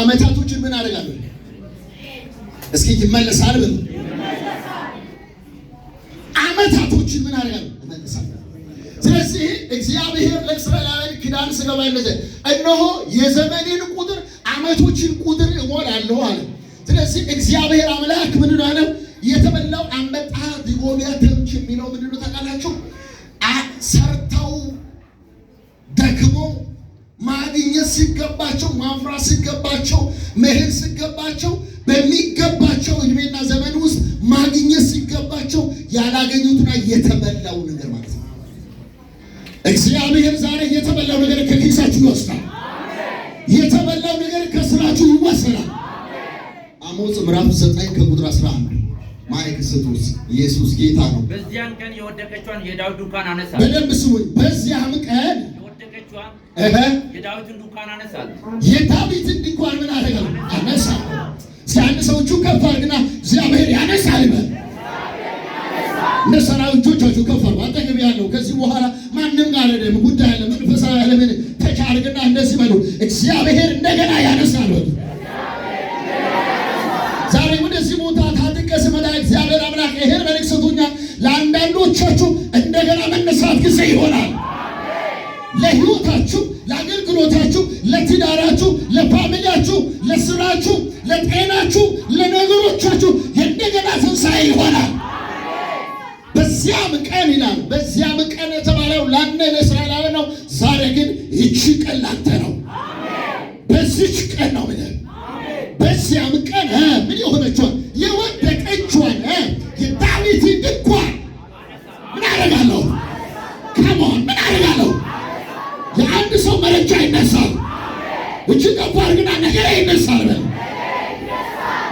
አመታቶችን ምን አደርጋለሁ? እስኪ ይመለሳል ብሎ አመታቶችን ምን አደርጋለሁ? እመለሳለሁ። ስለዚህ እግዚአብሔር ለእስራኤላውያን ኪዳን ስገባ እነሆ የዘመኔን ቁጥር አመቶችን ቁጥር እሞላለሁ አለ። ስለዚህ እግዚአብሔር አምላክ ምን ነው የተበላው አንበጣ ዲጎቢያ ተምች የሚለው ምንድነው ታውቃላችሁ? ሰርታ ሲገባቸው፣ ማፍራት ሲገባቸው፣ መሄድ ሲገባቸው፣ በሚገባቸው እድሜና ዘመን ውስጥ ማግኘት ሲገባቸው ያላገኙትና የተበላው ነገር ማለት ነው። እግዚአብሔር ዛሬ የተበላው ነገር ከኪሳችሁ ይወስዳል። የተበላው ነገር ከስራችሁ ይወሰዳል። አሞጽ ምዕራፍ 9 ከቁጥር 11 ማይክ ስጡስ ኢየሱስ ጌታ ነው። በዚያን ቀን የወደቀችውን የዳዊት ዱካን አነሳ። በደንብ ስሙኝ። በዚያም ቀን ልጆቿ የዳዊትን ድንኳን አነሳል። የዳዊትን ድንኳን ምን አደረገው? አነሳ። ሲያንድ ሰዎቹ ከፍ አድርግና እግዚአብሔር ያነሳል በል ለሰራዊት እጆቻችሁ ከፍ አድርጉ። አጠገብ ያለው ከዚህ በኋላ ማንም ጋር ጉዳይ ለመንፈሳዊ ለምን ተቻርግና እንደዚህ በሉ እግዚአብሔር ይሆናል። በዚያም ቀን ይላል። በዚያም ቀን የተባለው ላነ ለእስራኤላውያን ነው። ዛሬ ግን ይቺ ቀን ላንተ ነው። በዚች ቀን ነው ብለን በዚያም ቀን ምን የሆነችዋል? የወደቀችዋል የዳዊት ድንኳን ምን አደርጋለሁ? ከመሆን ምን አደርጋለሁ? የአንድ ሰው መረጃ ይነሳል። እጅ ገባር ግና ነገር ይነሳል በል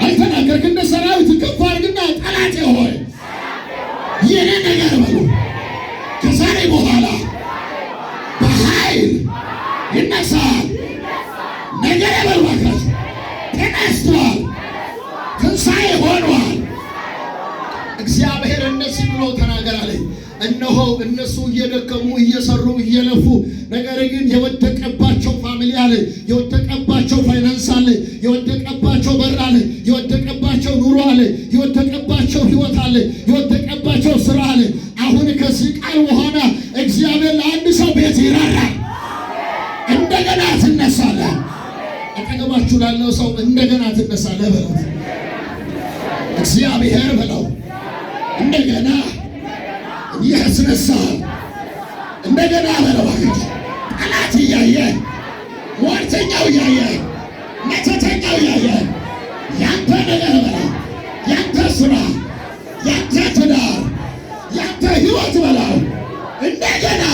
አልተናገርክ እንደ ሰራዊት ከፍ አድርግና ጠላቴ ሆይ የኔ ነገር በሉ ከዛሬ በኋላ በኃይል ይነሳል። ነገር የበልባካች ተነስቷል፣ ትንሣኤ ሆኗል። እግዚአብሔር እነዚህ ብሎ ተናገር እነሆ እነሱ እየደከሙ እየሰሩ እየለፉ ነገር ግን የወደቀባቸው ፋሚሊ አለ የወደቀ አለ፣ የወደቀባቸው በር አለ፣ የወደቀባቸው ኑሮ አለ፣ የወደቀባቸው ህይወት አለ፣ የወደቀባቸው ስራ አለ። አሁን ከዚህ ቃል በኋላ እግዚአብሔር ለአንድ ሰው ቤት ይራራል፣ እንደገና ትነሳለህ። አጠገባችሁ ላለው ሰው እንደገና ትነሳለህ በለው። እግዚአብሔር በለው እንደገና ያስነሳል። እንደገና በለው ጠላት እያየ ሟርተኛው እያየ መተተኛው ያየ ያንተ ነገር በላ ያንተ ስራ፣ ያንተ ትዳር፣ ያንተ ህይወት በላው እንደገና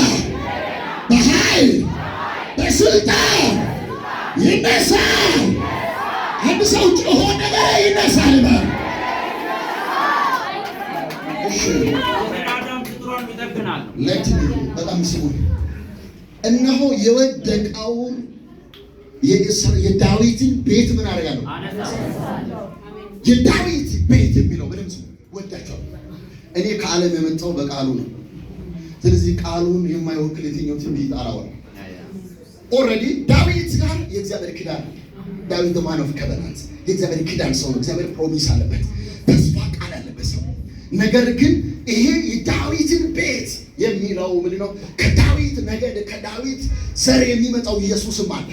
በኃይል በስልጣን ይነሳል። አንድ ሰው ጮሆ ነገር ይነሳል በል በጣም ስሙ። እነሆ የወደቀውን የዳዊትን ቤት ምን አደርጋለሁ? የዳዊት ቤት የሚለው በደምብ ወዳቸዋል። እኔ ከዓለም የመጣው በቃሉ ነው። ስለዚህ ቃሉን የማይወክል የትኛው ትንቢት አላወራም። ኦልሬዲ ዳዊት ጋር የእግዚአብሔር ኪዳን ዳዊት ማን ኦፍ ከበናንት የእግዚአብሔር ኪዳን ሰው ነው። እግዚአብሔር ፕሮሚስ አለበት፣ ተስፋ ቃል አለበት ሰው። ነገር ግን ይሄ የዳዊትን ቤት የሚለው ምንድን ነው? ከዳዊት ነገድ ከዳዊት ዘር የሚመጣው ኢየሱስም አለ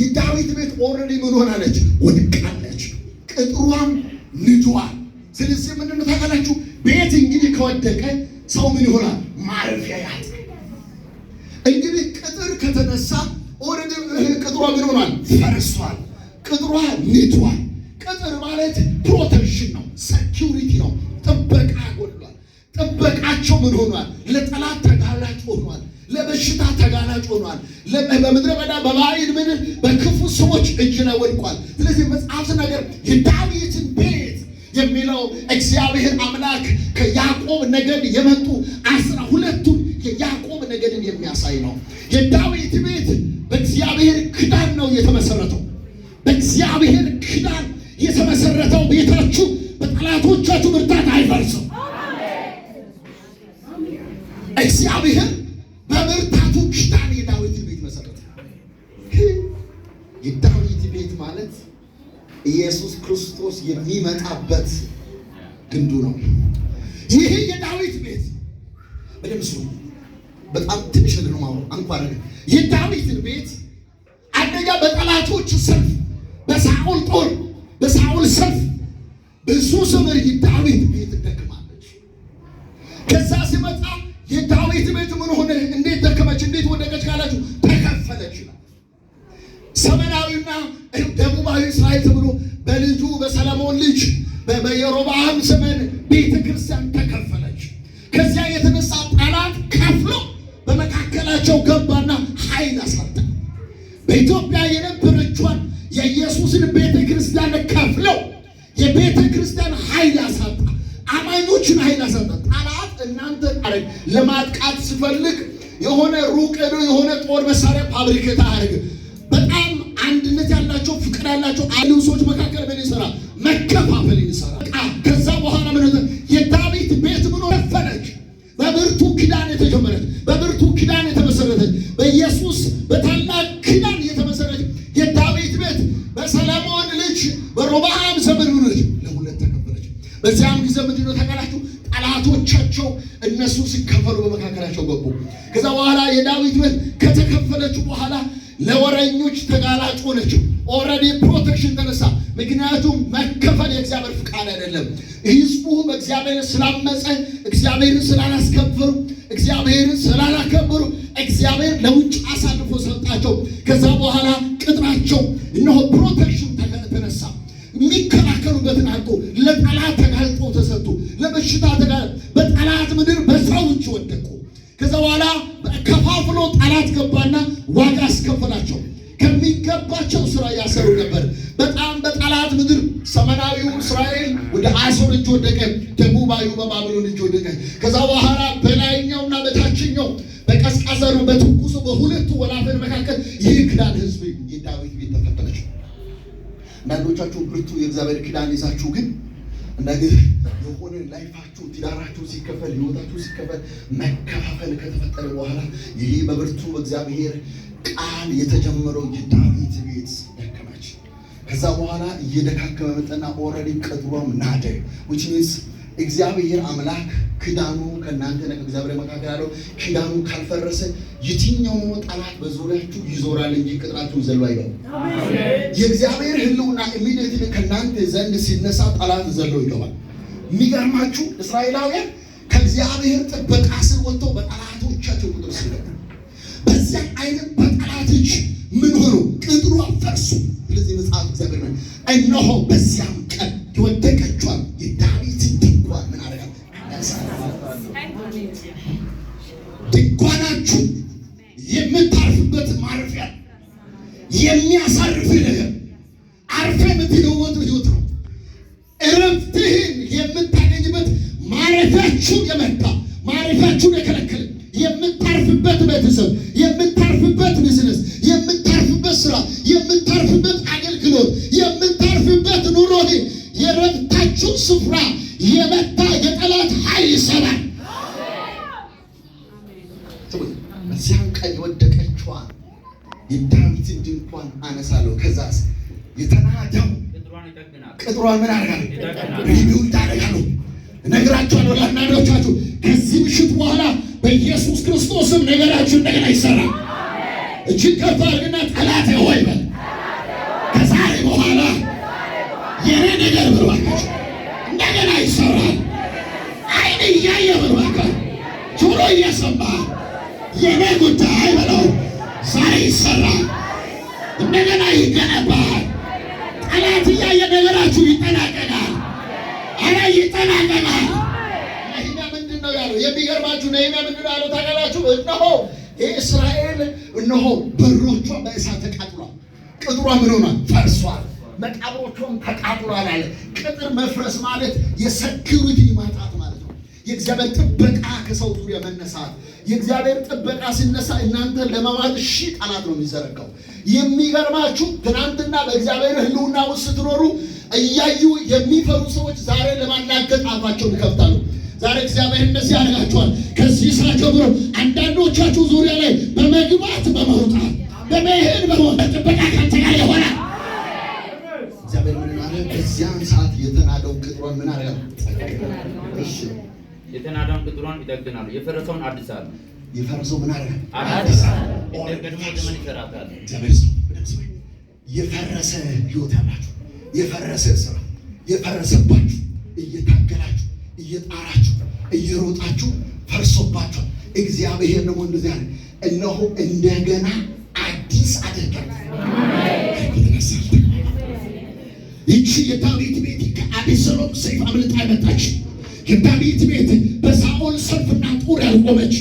የዳዊት ቤት ኦልሬዲ ምን ሆናለች? ወድቃለች። ቅጥሯም ንዷል። ስለዚህ ምንድን ነው ቤት እንግዲህ ከወደቀ ሰው ምን ይሆናል? ማረፊያ ያጣል። እንግዲህ ቅጥር ከተነሳ ኦልሬዲ ቅጥሯ ምን ሆኗል? ፈርሷል። ቅጥሯ ንዷል። ቅጥር ማለት ፕሮቴክሽን ነው፣ ሴኪሪቲ ነው፣ ጥበቃ ጎድሏል። ጥበቃቸው ምን ሆኗል? ለጠላት ተጋላጭ ሆኗል። ለበሽታ ተጋላጭ ሆኗል። በምድረ በዳ በባይድ ምን በክፉ ሰዎች እጅ ላይ ወድቋል። ስለዚህ መጽሐፍ ነገር የዳዊትን ቤት የሚለው እግዚአብሔር አምላክ ከያዕቆብ ነገድ የመጡ አስራ ሁለቱን የያዕቆብ ነገድን የሚያሳይ ነው። የዳዊት ቤት በእግዚአብሔር ክዳን ነው የተመሰረተው። በእግዚአብሔር ክዳን የተመሰረተው ቤታችሁ በጠላቶቻችሁ ብርታት አይፈርስም። እግዚአብሔር በብርታቱ ኪዳን የዳዊትን ቤት መሰረተ። የዳዊት ቤት ማለት ኢየሱስ ክርስቶስ የሚመጣበት ግንዱ ነው። ይህ የዳዊት ቤት በደምስ በጣም ትንሽ ነገር ነው አንኳር የዳዊትን ቤት አንደኛ በጠላቶቹ ሰልፍ፣ በሳኦል ጦር፣ በሳኦል ሰልፍ ብዙ ዘመር የዳዊት ቤት ደክማለች። ከዛ ሲመጣ ኃጢአቱ ተከፈለች ይላል። ሰሜናዊና ደቡባዊ እስራኤል ተብሎ በልጁ በሰለሞን ልጅ በየሮብዓም ዘመን ቤተ ክርስቲያን ተከፈለች። ከዚያ የተነሳ ጠላት ከፍሎ በመካከላቸው ገባና ኃይል አሳጣ። በኢትዮጵያ የነበረችዋን የኢየሱስን ቤተ ክርስቲያን ከፍለው የቤተ ክርስቲያን ኃይል አሳጣ። አማኞችን ኃይል አሳጣ። ጠላት እናንተ ለማጥቃት ስፈል የሆነ ሩቅ ነው የሆነ ጦር መሳሪያ ፋብሪኬት አያደርግም። በጣም አንድነት ያላቸው ፍቅር ያላቸው አይሉ ሰዎች መካከል ምን ይሰራ? መከፋፈል ይሰራ። ከዛ በኋላ ምን የዳዊት ቤት ብሎ ፈለች በብርቱ ኪዳን የተጀመረች በብርቱ ኪዳን የተመሰረተች በኢየሱስ በታላቅ ኪዳን የተመሰረተች የዳዊት ቤት በሰለሞን ልጅ በሮባሃም ዘመን ልጅ ለሁለት ተከፈለች። በዚያም ጊዜ ምንድነው ተቃላችሁ ጠላቶቻቸው እነሱ ሲከፈሉ በመካከላቸው ገቡ። ከዛ በኋላ የዳዊት ቤት ከተከፈለችው በኋላ ለወረኞች ተጋላጭ ሆነች ኦልሬዲ ፕሮቴክሽን ተነሳ። ምክንያቱም መከፈል የእግዚአብሔር ፍቃድ አይደለም። ህዝቡ በእግዚአብሔር ስላመፀ፣ እግዚአብሔርን ስላላስከበሩ፣ እግዚአብሔርን ስላላከበሩ እግዚአብሔር ለውጭ አሳልፎ ሰጣቸው። ከዛ በኋላ ቅጥራቸው እነሆ ፕሮቴክሽን ተነሳ። የሚከላከሉበትን አልቆ ለጠላት በባህዩ በባቢሎን እጅ ወደቀች። ከዛ በኋላ በላይኛውና በታችኛው በቀዝቃዛሩ በትኩሱ በሁለቱ ወላፈን መካከል ይህ ክዳን ህዝብ የዳዊት ቤት ተፈጠረች። አንዳንዶቻችሁ ብርቱ የእግዚአብሔር ክዳን ይዛችሁ ግን ነገር የሆነ ላይፋችሁ ትዳራችሁ ሲከፈል ህይወታችሁ ሲከፈል መከፋፈል ከተፈጠረ በኋላ ይህ በብርቱ እግዚአብሔር ቃል የተጀመረው የዳዊት ቤት ደከመች። ከዛ በኋላ እየደካከመ መጠና ኦልሬዲ ቅጥሯም ናደ እግዚአብሔር አምላክ ክዳኑ ኪዳኑ ከእናንተና እግዚአብሔር መካከል አለው። ክዳኑ ካልፈረሰ የትኛውም ጠላት በዙሪያችሁ ይዞራል እንጂ ቅጥራችሁን ዘሎ አይገባም። የእግዚአብሔር ሕልውና ኢሚዲት ከእናንተ ዘንድ ሲነሳ ጠላት ዘሎ ይገባል። የሚገርማችሁ እስራኤላውያን ከእግዚአብሔር ጥበቃ ስር ወጥተው በጠላቶቻቸው ቁጥር ሲገባ በዚያ አይነት በጠላቶች ምን ሆኖ ቅጥሩ አፈርሱ። ስለዚህ መጽሐፍ እግዚአብሔር እነሆ በዚያም የምትለወጠው ህይወት ነው። እረፍትህን የምታገኝበት ማረፊያችሁን የመታ ማረፊያችሁን የከለከለ የምታርፍበት ቤተሰብ፣ የምታርፍበት ቢዝነስ፣ የምታርፍበት ስራ፣ የምታርፍበት አገልግሎት፣ የምታርፍበት ኑሮ የረፍታችሁ ስፍራ የመታ የጠላት ኃይል ይሰራል። እዚያም ቀን የወደቀችዋ የዳዊትን ድንኳን አነሳለሁ ከዛ የተናደው ቅጥሯን ምን አደርጋለሁ? ሪቪውን ታደርጋለሁ። እነግራችኋለሁ ለአንዳንዶቻችሁ ከዚህ ምሽት በኋላ በኢየሱስ ክርስቶስም ነገራችሁ እንደገና ይሰራል። እጅግ ከፍ አድርግና ጠላቴ ሆይ በል ከዛሬ በኋላ የኔ ነገር ብሏቸው እንደገና ይሰራል። አይን እያየ ብሏቸው ጆሮ እየሰማ የኔ ጉዳይ በለው ዛሬ ይሰራል እንደገና ነህምያ ምንድን ነው ታውቃላችሁ? እነሆ የእስራኤል እነሆ በሮቿ በእሳት ተቃጥሏል። ቅጥሯ ምን ሆኗል? ፈርሷል። መቃብሮቿም ተቃጥሏል አለ። ቅጥር መፍረስ ማለት የሰኪሪቲ ማጣት ማለት ነው። የእግዚአብሔር ጥበቃ ከሰው ዙሪያ መነሳት። የእግዚአብሔር ጥበቃ ሲነሳ እናንተ ለመማት ሺ ጠላት ነው የሚዘረጋው። የሚገርማችሁ ትናንትና በእግዚአብሔር ህልውና ውስጥ ስትኖሩ እያዩ የሚፈሩ ሰዎች ዛሬ ለማናገጥ አፋቸውን ይከፍታሉ። ዛሬ እግዚአብሔር እንደዚህ ያደርጋችኋል። ከዚህ ስራ ጀምሮ አንዳንዶቻችሁ ዙሪያ ላይ በመግባት በመውጣት በመሄድ በመውጣት ጥበቃ ካንተ ጋር ይሆናል። እግዚአብሔር ምን አለ? በዚያን ሰዓት የተናደው ቅጥሯን ምን አለ? እሺ የተናደውን ቅጥሯን ይጠግናሉ። የፈረሰውን አዲስ አለ የፈረሰው ምን አለ? አዲስ አለ። ዘመን ይፈራታል። የፈረሰ ህይወት ያላችሁ የፈረሰ ስራ የፈረሰባችሁ እየታ እየጣራችሁ እየሮጣችሁ ፈርሶባችኋል። እግዚአብሔር ደግሞ እንደዚህ አለ፣ እነሆ እንደገና አዲስ አደርጋለሁ። ይቺ የዳዊት ቤት ከአቤሴሎም ሰይፍ አምልጣ መጣች። የዳዊት ቤት በሳኦል ሰልፍና ጦር ያልቆመች፣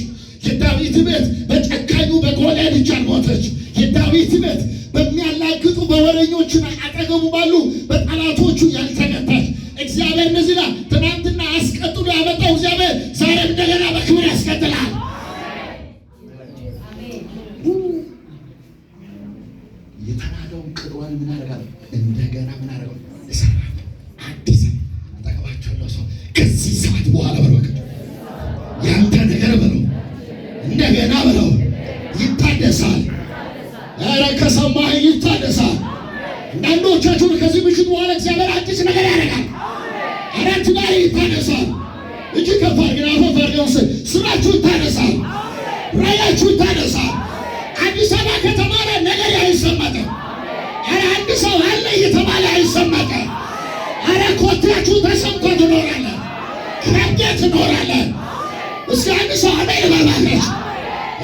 የዳዊት ቤት በጨካኙ በጎልያድ እጅ አልሞተች። የዳዊት ቤት በሚያላግጡ በወረኞችና አጠገቡ ባሉ በጠላቶቹ ያልተገታች እግዚአብሔር ልጆቻችሁን ከዚህ ምሽት በኋላ እግዚአብሔር አዲስ ነገር ያደርጋል። አራት ላይ ይታነሳል። እጅ ከፋር ግን አፈፍ አድርገን ስራችሁ ይታነሳል፣ ራያችሁ ይታነሳል። አዲስ አበባ ከተማረ ነገር አይሰመጥም። አረ አንድ ሰው አለ እየተባለ አይሰመጥም። አረ ኮትራችሁ ተሰምቶ ትኖራለን፣ ከብደ ትኖራለን። እስኪ አንድ ሰው አሜን ይበላለች።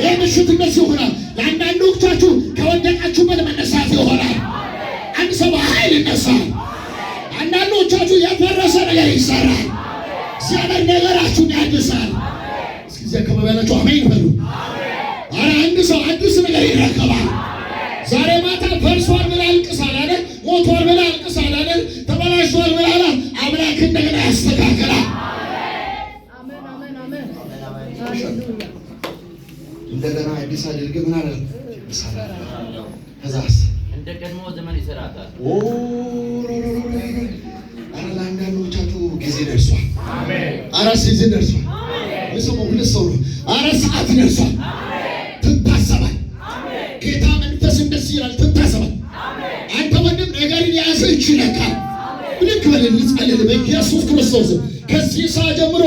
ይህ ምሽት እንደዚህ ይሆናል። ለአንዳንዶቻችሁ ከወደቃችሁበት መነሳት ይሆናል። አንድ ሰው ኃይል ይነሳል። አንዳንዶቻችሁ የፈረሰ ነገር ይሰራል። እግዚአብሔር ነገራችሁን ያድሳል። እስኪዚያ ከመበላችሁ አሜን በሉ። አረ አንድ ሰው አዲስ ነገር ይረከባል። ዛሬ ማታ ፈርሷል ብላ አልቅሳል አይደል? ሞቷል ብላ አልቅሳል አይደል? ተበላሽቷል ብላ አምላክ እንደገና ያስተካክላል። እንደገና አዲስ አድርገህ ምን አለ? ከዛስ እንደ ቀድሞ ዘመን ይሰራታል። አረ ለአንዳንዶቻችሁ ጊዜ ደርሷል። አረ ጊዜ ደርሷል። ስሙ ሁለት ሰው አረ ሰዓት ደርሷል። ትታሰባል። ጌታ መንፈስ እንደዚህ ይላል። ትታሰባል። አንተ ወንድም ነገርን የያዘ ይችነካል። ልክ በልል ልጽ በኢየሱስ ክርስቶስ ከዚህ ሰዓት ጀምሮ